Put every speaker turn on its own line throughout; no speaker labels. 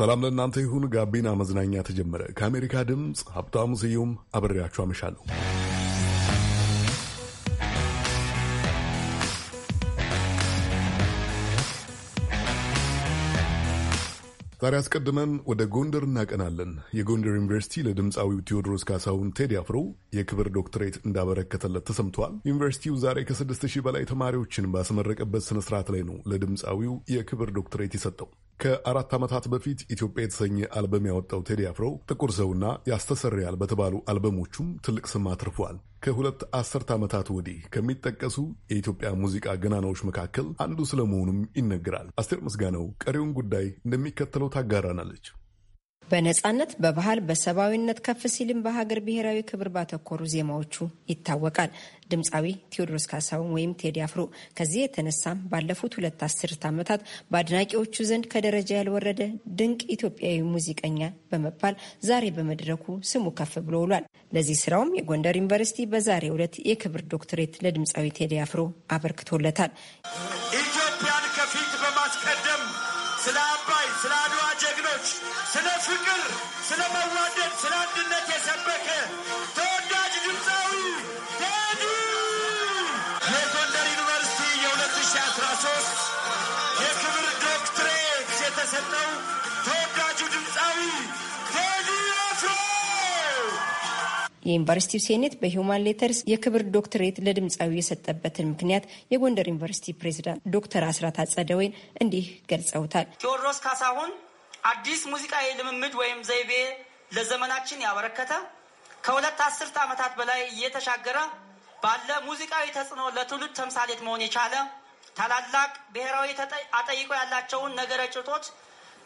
ሰላም ለእናንተ ይሁን። ጋቢና መዝናኛ ተጀመረ። ከአሜሪካ ድምፅ ሀብታሙ ስዩም አብሬያችሁ አመሻለሁ። ዛሬ አስቀድመን ወደ ጎንደር እናቀናለን። የጎንደር ዩኒቨርሲቲ ለድምፃዊው ቴዎድሮስ ካሳሁን ቴዲ አፍሮ የክብር ዶክትሬት እንዳበረከተለት ተሰምቷል። ዩኒቨርሲቲው ዛሬ ከስድስት ሺህ በላይ ተማሪዎችን ባስመረቀበት ስነስርዓት ላይ ነው ለድምፃዊው የክብር ዶክትሬት የሰጠው። ከአራት ዓመታት በፊት ኢትዮጵያ የተሰኘ አልበም ያወጣው ቴዲ አፍሮ ጥቁር ሰውና ያስተሰርያል በተባሉ አልበሞቹም ትልቅ ስም አትርፏል። ከሁለት አስርት ዓመታት ወዲህ ከሚጠቀሱ የኢትዮጵያ ሙዚቃ ገናናዎች መካከል አንዱ ስለመሆኑም ይነገራል። አስቴር ምስጋናው ቀሪውን ጉዳይ እንደሚከተለው ታጋራናለች።
በነፃነት በባህል በሰብአዊነት ከፍ ሲልም በሀገር ብሔራዊ ክብር ባተኮሩ ዜማዎቹ ይታወቃል። ድምፃዊ ቴዎድሮስ ካሳሁን ወይም ቴዲ አፍሮ ከዚህ የተነሳም ባለፉት ሁለት አስርት ዓመታት በአድናቂዎቹ ዘንድ ከደረጃ ያልወረደ ድንቅ ኢትዮጵያዊ ሙዚቀኛ በመባል ዛሬ በመድረኩ ስሙ ከፍ ብሎ ውሏል። ለዚህ ስራውም የጎንደር ዩኒቨርሲቲ በዛሬው ዕለት የክብር ዶክትሬት ለድምፃዊ ቴዲ አፍሮ አበርክቶለታል።
ስለ አንድነት የሰበከ ተወዳጅ ድምፃዊ ቴዲ የጎንደር ዩኒቨርሲቲ የ2013 የክብር ዶክትሬት የተሰጠው ተወዳጁ ድምፃዊ ቴዲ አፍሮ
የዩኒቨርሲቲው ሴኔት በሂውማን ሌተርስ የክብር ዶክትሬት ለድምፃዊ የሰጠበትን ምክንያት የጎንደር ዩኒቨርሲቲ ፕሬዚዳንት ዶክተር አስራት አጸደወይን እንዲህ ገልጸውታል።
ቴዎድሮስ ካሳሁን አዲስ ሙዚቃ የልምምድ ወይም ዘይቤ ለዘመናችን ያበረከተ ከሁለት አስርት ዓመታት በላይ እየተሻገረ ባለ ሙዚቃዊ ተጽዕኖ ለትውልድ ተምሳሌት መሆን የቻለ ታላላቅ ብሔራዊ አጠይቆ ያላቸውን ነገረ ጭቶች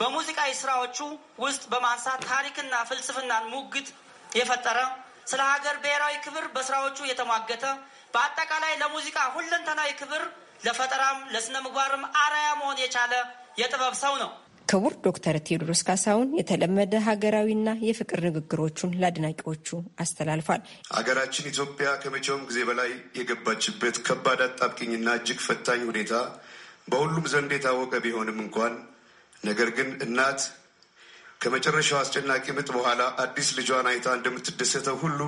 በሙዚቃዊ ስራዎቹ ውስጥ በማንሳት ታሪክና ፍልስፍናን ሙግት የፈጠረ ስለ ሀገር ብሔራዊ ክብር በስራዎቹ የተሟገተ በአጠቃላይ ለሙዚቃ ሁለንተናዊ ክብር ለፈጠራም ለስነ ምግባርም አራያ መሆን የቻለ የጥበብ ሰው ነው።
ክቡር ዶክተር ቴዎድሮስ ካሳሁን የተለመደ ሀገራዊና የፍቅር ንግግሮቹን ለአድናቂዎቹ አስተላልፏል።
ሀገራችን ኢትዮጵያ ከመቼውም ጊዜ በላይ የገባችበት ከባድ አጣብቅኝና እጅግ ፈታኝ ሁኔታ በሁሉም ዘንድ የታወቀ ቢሆንም እንኳን ነገር ግን እናት ከመጨረሻው አስጨናቂ ምጥ በኋላ አዲስ ልጇን አይታ እንደምትደሰተው ሁሉ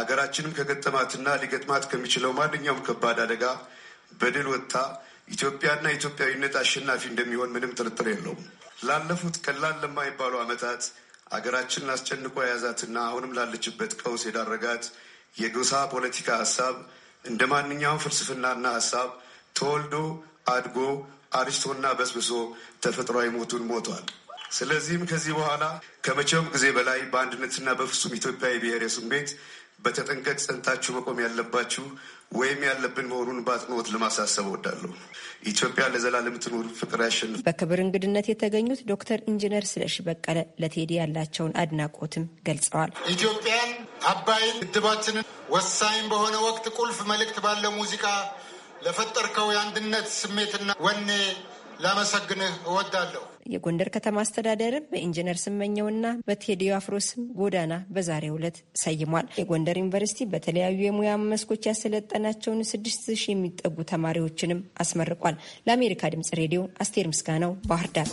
ሀገራችንም ከገጠማትና ሊገጥማት ከሚችለው ማንኛውም ከባድ አደጋ በድል ወጥታ ኢትዮጵያና ኢትዮጵያዊነት አሸናፊ እንደሚሆን ምንም ጥርጥር የለውም። ላለፉት ቀላል ለማይባሉ ዓመታት አገራችንን አስጨንቆ የያዛትና አሁንም ላለችበት ቀውስ የዳረጋት የጎሳ ፖለቲካ ሀሳብ እንደ ማንኛውም ፍልስፍናና ሀሳብ ተወልዶ አድጎ አሪስቶና በስብሶ ተፈጥሯዊ ሞቱን ሞቷል። ስለዚህም ከዚህ በኋላ ከመቼውም ጊዜ በላይ በአንድነትና በፍጹም ኢትዮጵያዊ ብሔር የስም ቤት በተጠንቀቅ ጸንታችሁ መቆም ያለባችሁ ወይም ያለብን መሆኑን በአጽንኦት ለማሳሰብ እወዳለሁ። ኢትዮጵያ ለዘላለም ትኑር፣ ፍቅር ያሸንፍ።
በክብር እንግድነት የተገኙት ዶክተር ኢንጂነር ስለሺ በቀለ ለቴዲ ያላቸውን አድናቆትም ገልጸዋል።
ኢትዮጵያን፣ አባይን፣ ግድባችንን ወሳኝ በሆነ ወቅት ቁልፍ መልእክት ባለው ሙዚቃ ለፈጠርከው የአንድነት ስሜትና ወኔ ላመሰግንህ እወዳለሁ።
የጎንደር ከተማ አስተዳደርም በኢንጂነር ስመኘውና በቴዲዮ አፍሮ ስም ጎዳና በዛሬው ዕለት ሰይሟል። የጎንደር ዩኒቨርሲቲ በተለያዩ የሙያ መስኮች ያሰለጠናቸውን ስድስት ሺህ የሚጠጉ ተማሪዎችንም አስመርቋል። ለአሜሪካ ድምጽ ሬዲዮ አስቴር ምስጋናው ባህር ዳር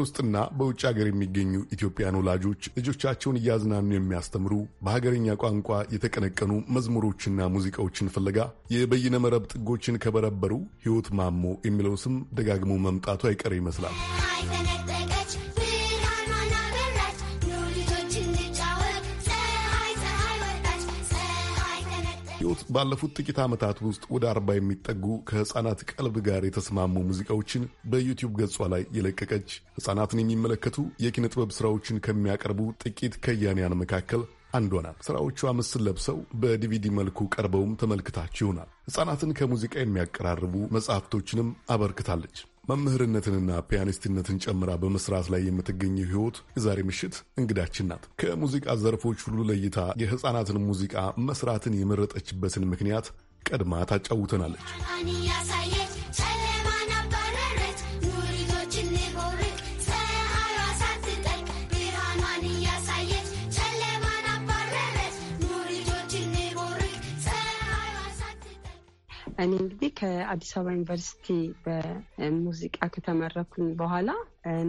በሀገር ውስጥና በውጭ ሀገር የሚገኙ ኢትዮጵያን ወላጆች ልጆቻቸውን እያዝናኑ የሚያስተምሩ በሀገርኛ ቋንቋ የተቀነቀኑ መዝሙሮችና ሙዚቃዎችን ፍለጋ የበይነ መረብ ጥጎችን ከበረበሩ ሕይወት ማሞ የሚለው ስም ደጋግሞ መምጣቱ አይቀር ይመስላል። ሕይወት ባለፉት ጥቂት ዓመታት ውስጥ ወደ አርባ የሚጠጉ ከሕፃናት ቀልብ ጋር የተስማሙ ሙዚቃዎችን በዩቲዩብ ገጿ ላይ የለቀቀች ሕፃናትን የሚመለከቱ የኪነ ጥበብ ሥራዎችን ከሚያቀርቡ ጥቂት ከያንያን መካከል አንዷ ናት። ሥራዎቿ ምስል ለብሰው በዲቪዲ መልኩ ቀርበውም ተመልክታችሁ ይሆናል። ሕፃናትን ከሙዚቃ የሚያቀራርቡ መጽሐፍቶችንም አበርክታለች። መምህርነትንና ፒያኒስትነትን ጨምራ በመስራት ላይ የምትገኘው ህይወት የዛሬ ምሽት እንግዳችን ናት። ከሙዚቃ ዘርፎች ሁሉ ለይታ የህፃናትን ሙዚቃ መስራትን የመረጠችበትን ምክንያት ቀድማ ታጫውተናለች።
እኔ እንግዲህ ከአዲስ አበባ ዩኒቨርሲቲ በሙዚቃ ከተመረኩኝ በኋላ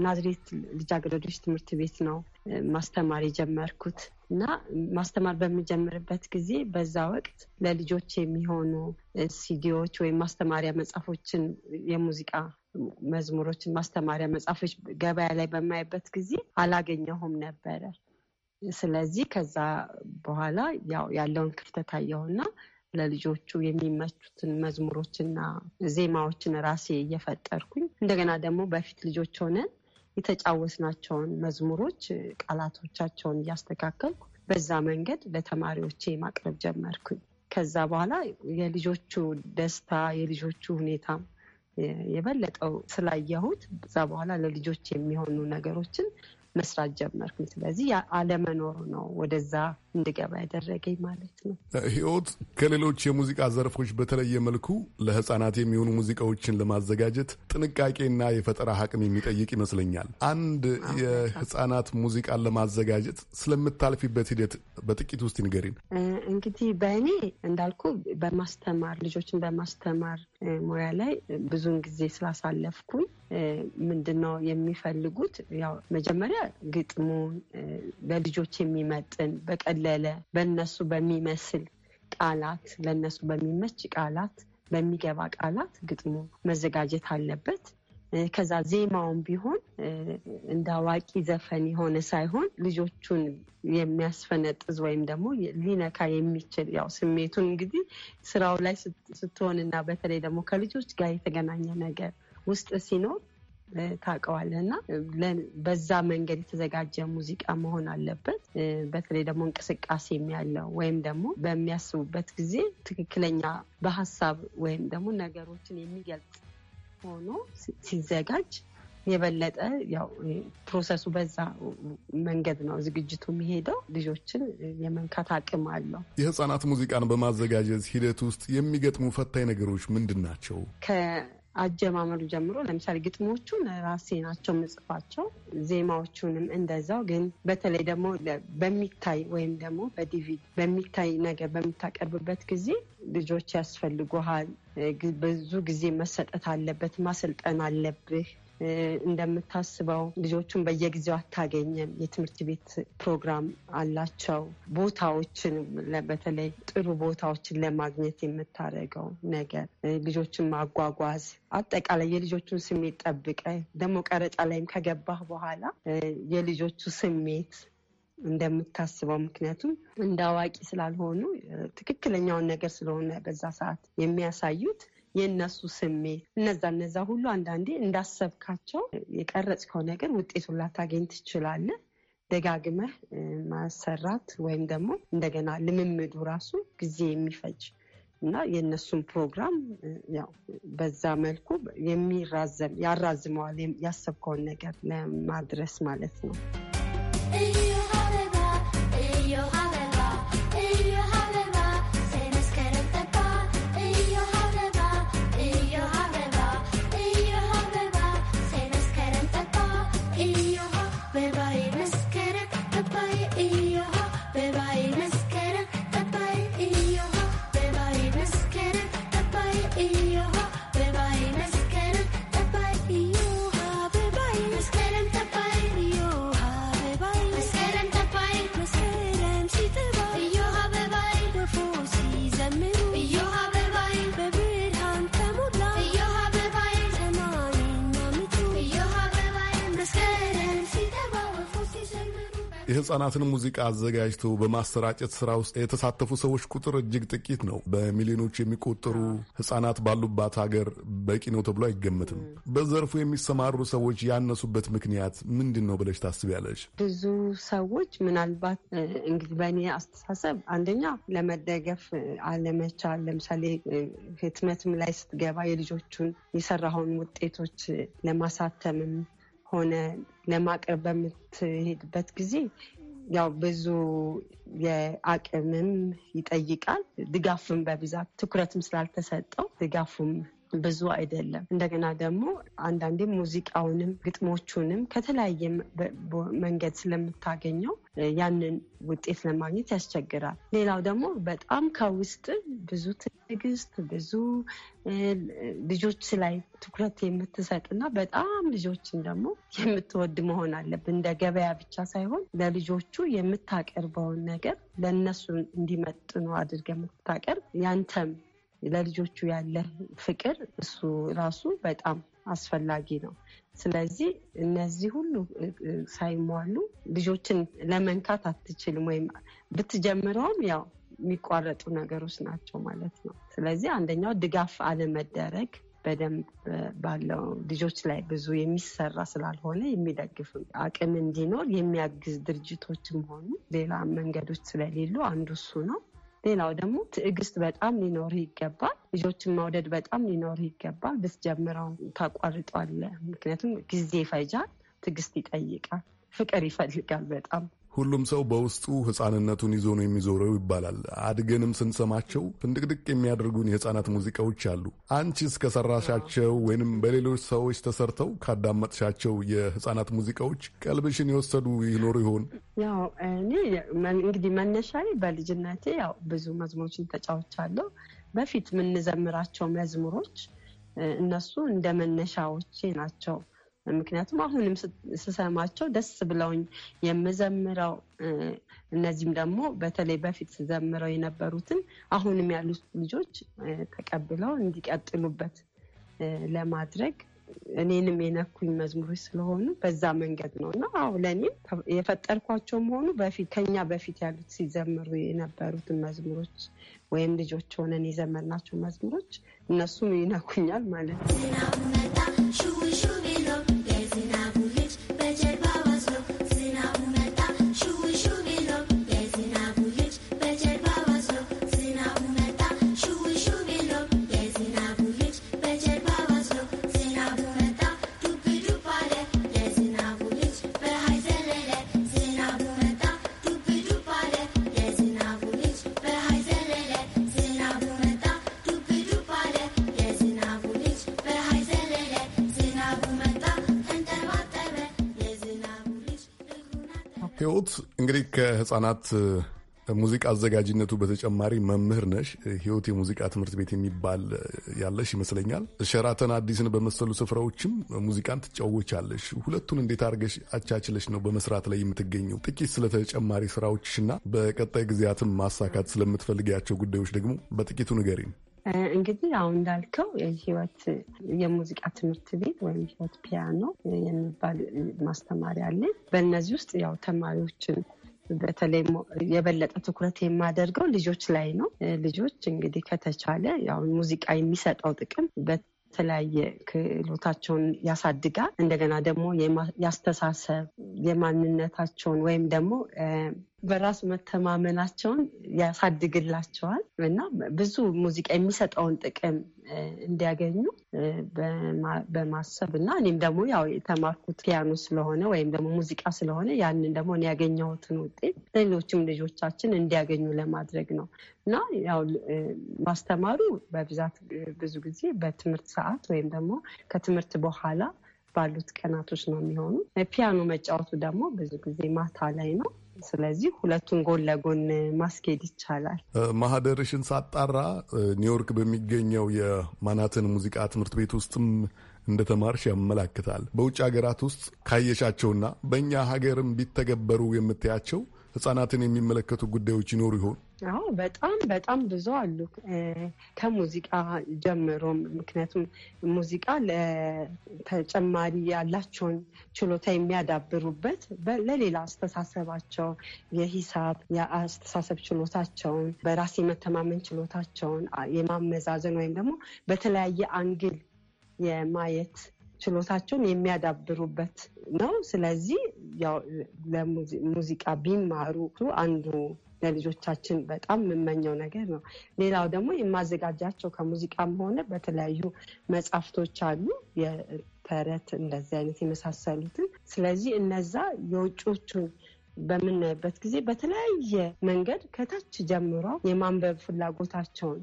ናዝሬት ልጃገረዶች ትምህርት ቤት ነው ማስተማር የጀመርኩት እና ማስተማር በሚጀምርበት ጊዜ በዛ ወቅት ለልጆች የሚሆኑ ሲዲዎች ወይም ማስተማሪያ መጽሐፎችን የሙዚቃ መዝሙሮችን ማስተማሪያ መጽሐፎች ገበያ ላይ በማይበት ጊዜ አላገኘሁም ነበረ። ስለዚህ ከዛ በኋላ ያው ያለውን ክፍተት አየሁና ለልጆቹ የሚመቹትን መዝሙሮችና ዜማዎችን ራሴ እየፈጠርኩኝ እንደገና ደግሞ በፊት ልጆች ሆነን የተጫወትናቸውን መዝሙሮች ቃላቶቻቸውን እያስተካከልኩ በዛ መንገድ ለተማሪዎቼ ማቅረብ ጀመርኩኝ። ከዛ በኋላ የልጆቹ ደስታ የልጆቹ ሁኔታ የበለጠው ስላየሁት እዛ በኋላ ለልጆች የሚሆኑ ነገሮችን መስራት ጀመርኩኝ። ስለዚህ አለመኖሩ ነው ወደዛ እንድገባ ያደረገኝ ማለት ነው።
ህይወት ከሌሎች የሙዚቃ ዘርፎች በተለየ መልኩ ለህጻናት የሚሆኑ ሙዚቃዎችን ለማዘጋጀት ጥንቃቄና የፈጠራ አቅም የሚጠይቅ ይመስለኛል። አንድ የህጻናት ሙዚቃን ለማዘጋጀት ስለምታልፊበት ሂደት
በጥቂት ውስጥ ይንገሪን። እንግዲህ በእኔ እንዳልኩ በማስተማር ልጆችን በማስተማር ሙያ ላይ ብዙን ጊዜ ስላሳለፍኩኝ ምንድን ነው የሚፈልጉት ያው መጀመሪያ ግጥሙን በልጆች የሚመጥን በቀል ለለ በነሱ በሚመስል ቃላት ለነሱ በሚመች ቃላት በሚገባ ቃላት ግጥሙ መዘጋጀት አለበት። ከዛ ዜማውን ቢሆን እንደ አዋቂ ዘፈን የሆነ ሳይሆን ልጆቹን የሚያስፈነጥዝ ወይም ደግሞ ሊነካ የሚችል ያው ስሜቱን እንግዲህ ስራው ላይ ስትሆንና በተለይ ደግሞ ከልጆች ጋር የተገናኘ ነገር ውስጥ ሲኖር ታውቀዋለህ እና በዛ መንገድ የተዘጋጀ ሙዚቃ መሆን አለበት። በተለይ ደግሞ እንቅስቃሴም ያለው ወይም ደግሞ በሚያስቡበት ጊዜ ትክክለኛ በሀሳብ ወይም ደግሞ ነገሮችን የሚገልጽ ሆኖ ሲዘጋጅ የበለጠ ያው ፕሮሰሱ በዛ መንገድ ነው ዝግጅቱ የሚሄደው። ልጆችን የመንካት አቅም አለው።
የህፃናት ሙዚቃን በማዘጋጀት ሂደት ውስጥ የሚገጥሙ ፈታኝ ነገሮች ምንድን ናቸው?
አጀማመሩ ጀምሮ ለምሳሌ ግጥሞቹን ራሴ ናቸው ምጽፋቸው፣ ዜማዎቹንም እንደዛው። ግን በተለይ ደግሞ በሚታይ ወይም ደግሞ በዲቪድ በሚታይ ነገር በምታቀርብበት ጊዜ ልጆች ያስፈልጉሃል። ብዙ ጊዜ መሰጠት አለበት፣ ማሰልጠን አለብህ። እንደምታስበው ልጆቹን በየጊዜው አታገኝም። የትምህርት ቤት ፕሮግራም አላቸው። ቦታዎችን በተለይ ጥሩ ቦታዎችን ለማግኘት የምታደርገው ነገር ልጆችን ማጓጓዝ፣ አጠቃላይ የልጆቹን ስሜት ጠብቀ ደግሞ ቀረጻ ላይም ከገባህ በኋላ የልጆቹ ስሜት እንደምታስበው ምክንያቱም እንደ አዋቂ ስላልሆኑ ትክክለኛውን ነገር ስለሆነ በዛ ሰዓት የሚያሳዩት የእነሱ ስሜት እነዛ እነዛ ሁሉ አንዳንዴ እንዳሰብካቸው የቀረጽከው ነገር ውጤቱን ላታገኝ ትችላለህ። ደጋግመህ ማሰራት ወይም ደግሞ እንደገና ልምምዱ ራሱ ጊዜ የሚፈጅ እና የእነሱን ፕሮግራም ያው በዛ መልኩ የሚራዘም ያራዝመዋል ያሰብከውን ነገር ለማድረስ ማለት ነው።
የህጻናትን ሙዚቃ አዘጋጅቶ በማሰራጨት ስራ ውስጥ የተሳተፉ ሰዎች ቁጥር እጅግ ጥቂት ነው። በሚሊዮኖች የሚቆጠሩ ህጻናት ባሉባት ሀገር በቂ ነው ተብሎ አይገመትም። በዘርፉ የሚሰማሩ ሰዎች ያነሱበት ምክንያት ምንድን ነው ብለሽ ታስቢያለሽ?
ብዙ ሰዎች ምናልባት እንግዲህ በእኔ አስተሳሰብ አንደኛ ለመደገፍ አለመቻል፣ ለምሳሌ ህትመትም ላይ ስትገባ የልጆቹን የሰራውን ውጤቶች ለማሳተምም ሆነ ለማቅረብ በምትሄድበት ጊዜ ያው ብዙ የአቅምም ይጠይቃል። ድጋፍም በብዛት ትኩረትም ስላልተሰጠው ድጋፉም ብዙ አይደለም። እንደገና ደግሞ አንዳንዴ ሙዚቃውንም ግጥሞቹንም ከተለያየ መንገድ ስለምታገኘው ያንን ውጤት ለማግኘት ያስቸግራል። ሌላው ደግሞ በጣም ከውስጥ ብዙ ትዕግስት፣ ብዙ ልጆች ላይ ትኩረት የምትሰጥና በጣም ልጆችን ደግሞ የምትወድ መሆን አለብን። እንደ ገበያ ብቻ ሳይሆን ለልጆቹ የምታቀርበውን ነገር ለእነሱ እንዲመጥኑ አድርገ የምታቀርብ ያንተም ለልጆቹ ያለ ፍቅር እሱ ራሱ በጣም አስፈላጊ ነው። ስለዚህ እነዚህ ሁሉ ሳይሟሉ ልጆችን ለመንካት አትችልም፣ ወይም ብትጀምረውም ያው የሚቋረጡ ነገሮች ናቸው ማለት ነው። ስለዚህ አንደኛው ድጋፍ አለመደረግ በደንብ ባለው ልጆች ላይ ብዙ የሚሰራ ስላልሆነ የሚደግፍ አቅም እንዲኖር የሚያግዝ ድርጅቶችም ሆኑ ሌላ መንገዶች ስለሌሉ አንዱ እሱ ነው። ሌላው ደግሞ ትዕግስት በጣም ሊኖር ይገባል። ልጆችን መውደድ በጣም ሊኖር ይገባል። ብትጀምረው ታቋርጧለ ምክንያቱም ጊዜ ይፈጃል፣ ትዕግስት ይጠይቃል፣ ፍቅር ይፈልጋል በጣም
ሁሉም ሰው በውስጡ ሕፃንነቱን ይዞ ነው የሚዞረው ይባላል። አድገንም ስንሰማቸው ፍንድቅድቅ የሚያደርጉን የሕፃናት ሙዚቃዎች አሉ። አንቺስ ከሰራሻቸው ወይንም በሌሎች ሰዎች ተሰርተው ካዳመጥሻቸው የሕፃናት ሙዚቃዎች ቀልብሽን የወሰዱ ይኖሩ ይሆን?
ያው እኔ እንግዲህ መነሻዬ በልጅነቴ ያው ብዙ መዝሙሮችን ተጫውቻለሁ። በፊት የምንዘምራቸው መዝሙሮች እነሱ እንደ መነሻዎቼ ናቸው። ምክንያቱም አሁንም ስሰማቸው ደስ ብለውኝ የምዘምረው እነዚህም ደግሞ በተለይ በፊት ስዘምረው የነበሩትን አሁንም ያሉት ልጆች ተቀብለው እንዲቀጥሉበት ለማድረግ እኔንም የነኩኝ መዝሙሮች ስለሆኑ በዛ መንገድ ነው እና አሁ ለእኔም የፈጠርኳቸውም ሆኑ በፊት ከኛ በፊት ያሉት ሲዘምሩ የነበሩትን መዝሙሮች ወይም ልጆች ሆነን የዘመርናቸው መዝሙሮች እነሱም ይነኩኛል ማለት
ነው።
እንግዲህ ከህጻናት ሙዚቃ አዘጋጅነቱ በተጨማሪ መምህር ነሽ። ህይወት የሙዚቃ ትምህርት ቤት የሚባል ያለሽ ይመስለኛል። ሸራተን አዲስን በመሰሉ ስፍራዎችም ሙዚቃን ትጫወቻለሽ። ሁለቱን እንዴት አድርገሽ አቻችለሽ ነው በመስራት ላይ የምትገኘው? ጥቂት ስለ ተጨማሪ ስራዎችሽና በቀጣይ ጊዜያትም ማሳካት ስለምትፈልጊያቸው ጉዳዮች ደግሞ በጥቂቱ ንገሪን።
እንግዲህ አሁን እንዳልከው የህይወት የሙዚቃ ትምህርት ቤት ወይም ህይወት ፒያኖ የሚባል ማስተማሪያ አለ። በእነዚህ ውስጥ ያው ተማሪዎችን በተለይ የበለጠ ትኩረት የማደርገው ልጆች ላይ ነው። ልጆች እንግዲህ ከተቻለ ያው ሙዚቃ የሚሰጠው ጥቅም የተለያየ ክህሎታቸውን ያሳድጋል። እንደገና ደግሞ ያስተሳሰብ የማንነታቸውን ወይም ደግሞ በራስ መተማመናቸውን ያሳድግላቸዋል እና ብዙ ሙዚቃ የሚሰጠውን ጥቅም እንዲያገኙ በማሰብ እና እኔም ደግሞ ያው የተማርኩት ፒያኖ ስለሆነ ወይም ደግሞ ሙዚቃ ስለሆነ ያንን ደግሞ እኔ ያገኘሁትን ውጤት ሌሎችም ልጆቻችን እንዲያገኙ ለማድረግ ነው እና ያው ማስተማሩ በብዛት ብዙ ጊዜ በትምህርት ሰዓት ወይም ደግሞ ከትምህርት በኋላ ባሉት ቀናቶች ነው የሚሆኑ። ፒያኖ መጫወቱ ደግሞ ብዙ ጊዜ ማታ ላይ ነው። ስለዚህ ሁለቱን ጎን ለጎን ማስኬድ ይቻላል።
ማህደርሽን ሳጣራ ኒውዮርክ በሚገኘው የማናትን ሙዚቃ ትምህርት ቤት ውስጥም እንደተማርሽ ያመላክታል። በውጭ ሀገራት ውስጥ ካየሻቸውና በእኛ ሀገርም ቢተገበሩ የምታያቸው ህጻናትን የሚመለከቱ ጉዳዮች ይኖሩ ይሆን?
አዎ በጣም በጣም ብዙ አሉ። ከሙዚቃ ጀምሮ ምክንያቱም ሙዚቃ ለተጨማሪ ያላቸውን ችሎታ የሚያዳብሩበት ለሌላ አስተሳሰባቸው የሂሳብ የአስተሳሰብ ችሎታቸውን፣ በራስ የመተማመን ችሎታቸውን የማመዛዘን ወይም ደግሞ በተለያየ አንግል የማየት ችሎታቸውን የሚያዳብሩበት ነው። ስለዚህ ለሙዚቃ ቢማሩ አንዱ ለልጆቻችን በጣም የምመኘው ነገር ነው። ሌላው ደግሞ የማዘጋጃቸው ከሙዚቃም ሆነ በተለያዩ መጽሐፍቶች አሉ የተረት እንደዚህ አይነት የመሳሰሉትን። ስለዚህ እነዛ የውጮቹን በምናይበት ጊዜ በተለያየ መንገድ ከታች ጀምሮ የማንበብ ፍላጎታቸውን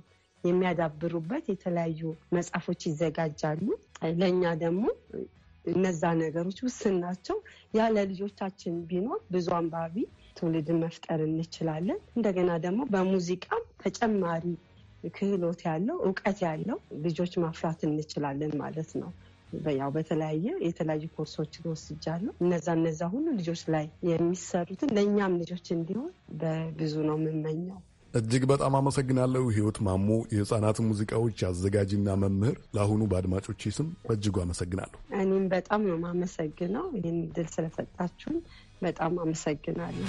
የሚያዳብሩበት የተለያዩ መጽሐፎች ይዘጋጃሉ። ለእኛ ደግሞ እነዛ ነገሮች ውስን ናቸው። ያለ ልጆቻችን ቢኖር ብዙ አንባቢ ትውልድን መፍጠር እንችላለን። እንደገና ደግሞ በሙዚቃም ተጨማሪ ክህሎት ያለው እውቀት ያለው ልጆች ማፍራት እንችላለን ማለት ነው። ያው በተለያየ የተለያዩ ኮርሶች ወስጃለሁ። እነዛ እነዛ ሁሉ ልጆች ላይ የሚሰሩትን ለእኛም ልጆች እንዲሆን በብዙ ነው የምመኘው።
እጅግ በጣም አመሰግናለሁ። ህይወት ማሞ የህፃናት ሙዚቃዎች አዘጋጅና መምህር፣ ለአሁኑ በአድማጮች ስም በእጅጉ አመሰግናለሁ።
እኔም በጣም ነው የማመሰግነው። ይህን ድል ስለሰጣችሁን በጣም አመሰግናለሁ።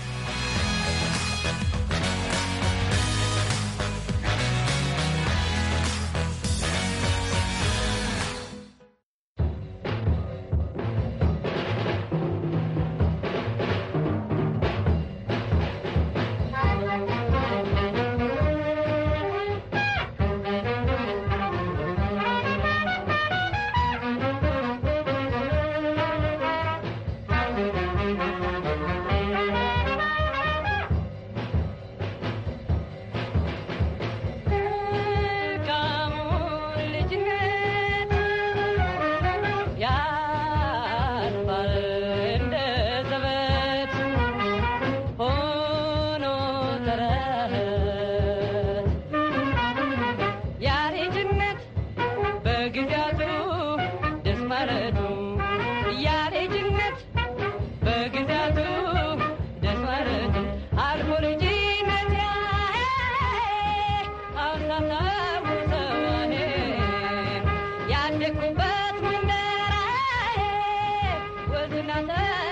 But when that I had was enough.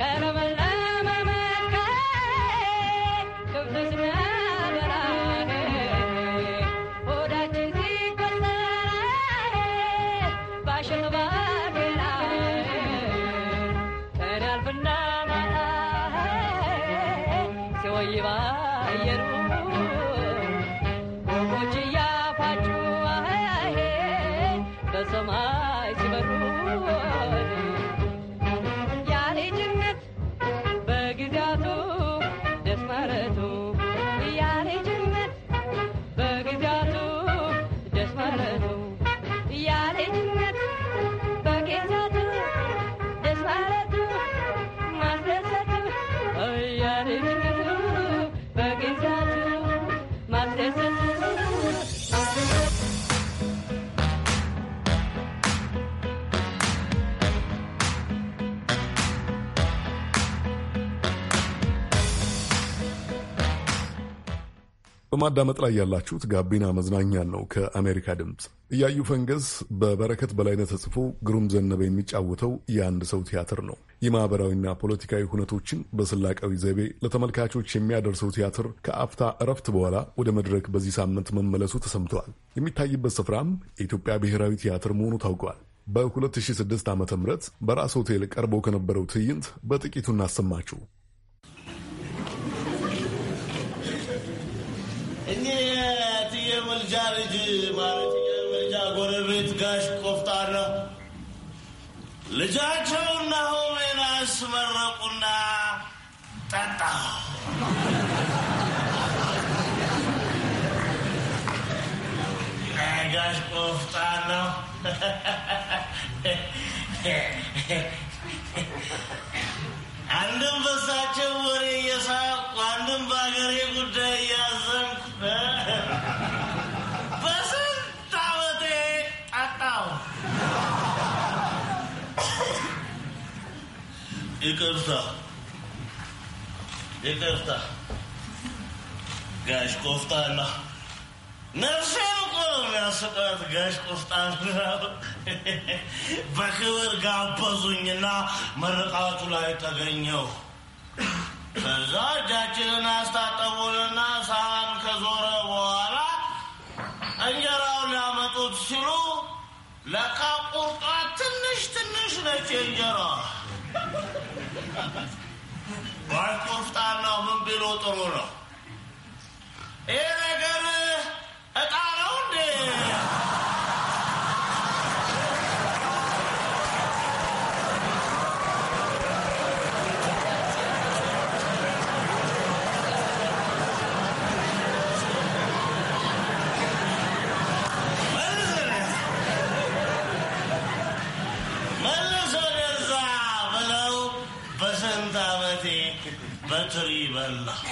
Caravana.
በማዳመጥ ላይ ያላችሁት ጋቢና መዝናኛ ነው ከአሜሪካ ድምፅ። እያዩ ፈንገስ በበረከት በላይነ ተጽፎ ግሩም ዘነበ የሚጫወተው የአንድ ሰው ቲያትር ነው። የማኅበራዊና ፖለቲካዊ ሁነቶችን በስላቃዊ ዘይቤ ለተመልካቾች የሚያደርሰው ቲያትር ከአፍታ እረፍት በኋላ ወደ መድረክ በዚህ ሳምንት መመለሱ ተሰምተዋል። የሚታይበት ስፍራም የኢትዮጵያ ብሔራዊ ቲያትር መሆኑ ታውቋል። በ2006 ዓ ም በራስ ሆቴል ቀርቦ ከነበረው ትዕይንት በጥቂቱ እናሰማችሁ።
ምርጃ ልጅ ማለት የምርጃ ጎረቤት ጋሽ ቆፍጣና ልጃቸውና ሆሜን አስመረቁና ጠጣ ጋሽ ቆፍጣና አንድም በሳቸው ወሬ እየሳቁ አንድም በአገሬ ጉዳይ እያዘንኩ ይቅርታ ይቅርታ ጋሽ ቆፍጣና ነፍሴን እኮ ነው የሚያስቃት። ጋሽ ቆፍጣና በክብር ጋበዙኝና ምርቃቱ ላይ ተገኘው። ከዛ እጃችንን አስታጠቡንና ሳህን ከዞረ በኋላ እንጀራው ሊያመጡት ሲሉ ለካ ቁርጧ ትንሽ ትንሽ ነች እንጀራ ባይኮፍጣናው ምን ቢሎ ጥሩ ነው?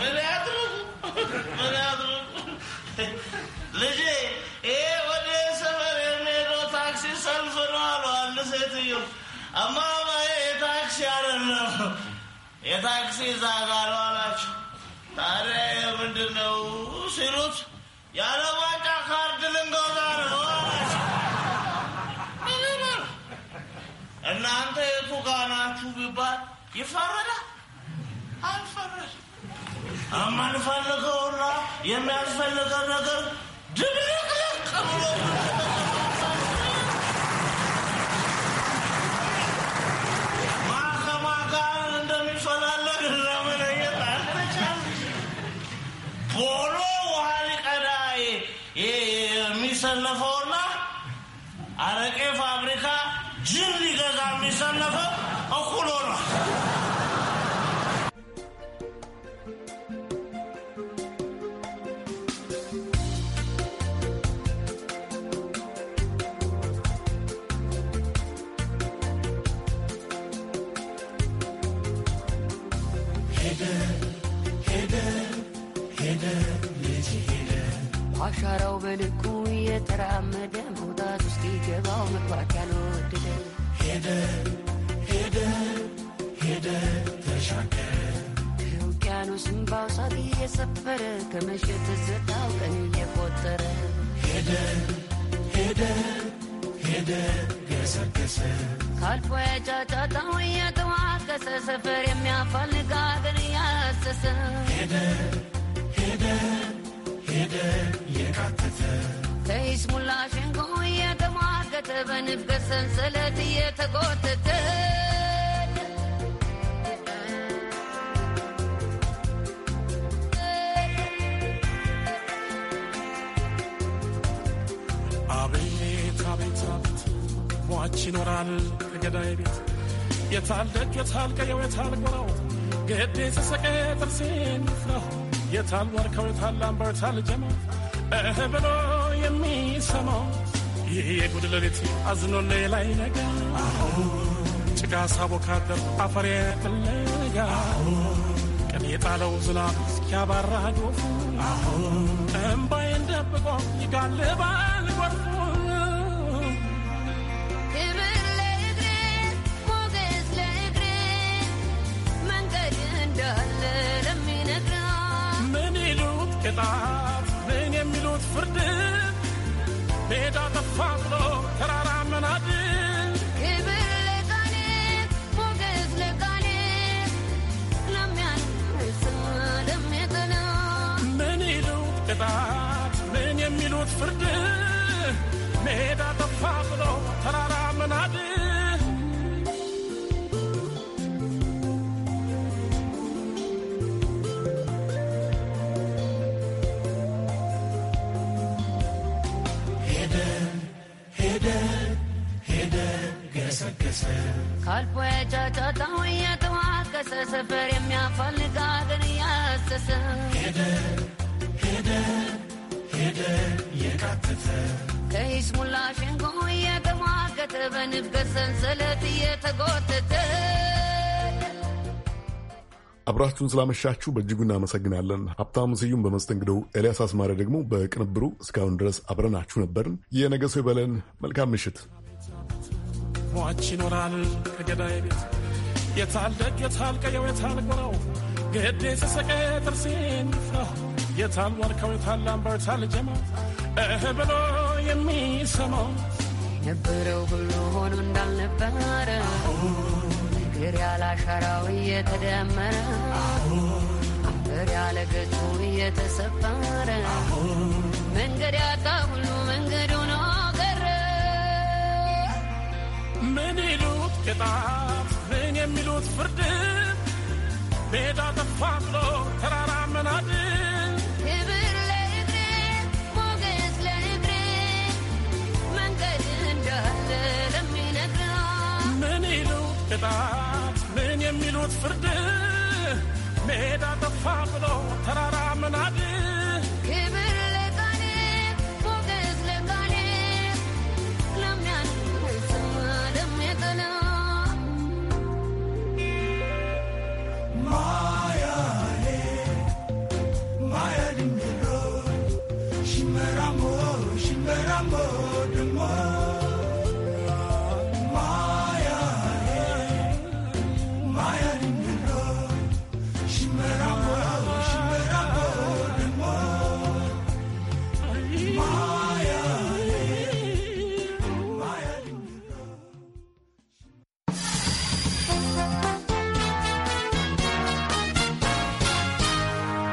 ምን ይሄ ወደ ሰፈር የሚሄደው ታክሲ ሰልፍ ነው አሉ የታክሲ አይደለም የታክሲ ዛጋ ታዲያ የምንድን ነው ሲሉት ያለ ዋንጫ ካርድ ልንገዛ ነው አላቸው። እናንተ የቱ ጋ ቢባል ይፈረዳል? አልፈረድም። የማንፈልገውና የሚያስፈልገው ነገር ድብልቅልቅ ብሎ ማከማ ጋር እንደሚፈላለግ ለመለየት አልተቻለም። ፖሎ ውሃ ሊቀዳ የሚሰለፈውና አረቄ ፋብሪካ ጅን ሊገዛ የሚሰለፈው እኩል
በልኩ የተራመደ መውጣት ውስጥ ይገባው መግባት ያልወደደ ሄደ ሄደ ሄደ ተሻገረ ከውቅያኖስ እምባው እየሰፈረ ከመሸት ዘታው ቀን እየቆጠረ ሄደ
ሄደ ሄደ ገሰገሰ
ካልፎ ያጫጫጣው እየተዋቀሰ ሰፈር የሚያፋልቅ አገር እያሰሰ ሄደ እየተንሸራተተ ከይስሙላ ሸንጎ እየተሟገተ በንበት ሰንሰለት እየተጎተተ
አቤት ሟች ይኖራል ከገዳይ ቤት የታል የታል ቀየው የታል ጎራው ገዴ ጥርሴ የታል የታል ብሎ የሚሰማው ይህ የጉድ ሌሊት አዝኖ ላይ ነጋ ጭቃ ሳቦካደር አፈር ፍለጋ ቀን የጣለው ዝናብ እስኪያባራ ጎፉ እምባዬን ደብቆ ይጋልባል ጎርፉ ፍርድ ሜዳ ጠፋ ብሎ ተራራ መናድ ምን ይሉት ቅጣት ምን የሚሉት ፍርድ ሜዳ ጠፋ ብሎ ተራራ
ሰፈር የሚያፈልግ አገር ያሰሰ ሄደ ሄደ ሄደ የካተተ ከይስሙላ ሸንጎ እየተሟገተ በንበት ሰንሰለት እየተጎተተ
አብራችሁን ስላመሻችሁ በእጅጉ እናመሰግናለን። ሀብታሙ ስዩም በመስተንግደው፣ ኤልያስ አስማሪ ደግሞ በቅንብሩ። እስካሁን ድረስ አብረናችሁ ነበርን። የነገ ሰው ይበለን። መልካም ምሽት።
ሟች ይኖራል ከገዳይ ቤት የታል ደግ የታል ቀየው የታል ጎራው ገዴ ተሰቀ ጥርሴን ይፍራው የታል ወርካው የታል ላምባው የታል እህ ብሎ የሚሰማው ነበረው ሁሉ ሆኖ እንዳልነበረ
ነገር ያለ አሻራው እየተደመረ አንበር ያለ ገጹ እየተሰበረ መንገድ ያጣ ሁሉ መንገዱ ነው ቀረ
ምን ይሉት ቅጣ የሚሉት ፍርድ ሜዳ ጠፋ ብሎ ተራራ መናድ
ክብር ለእግሬ ሞገስ ለእግሬ መንገድ እንዳለ ለሚነግራ
ምን ይሉ ቅጣት ምን የሚሉት ፍርድ ሜዳ ጠፋ ብሎ ተራራ መናድ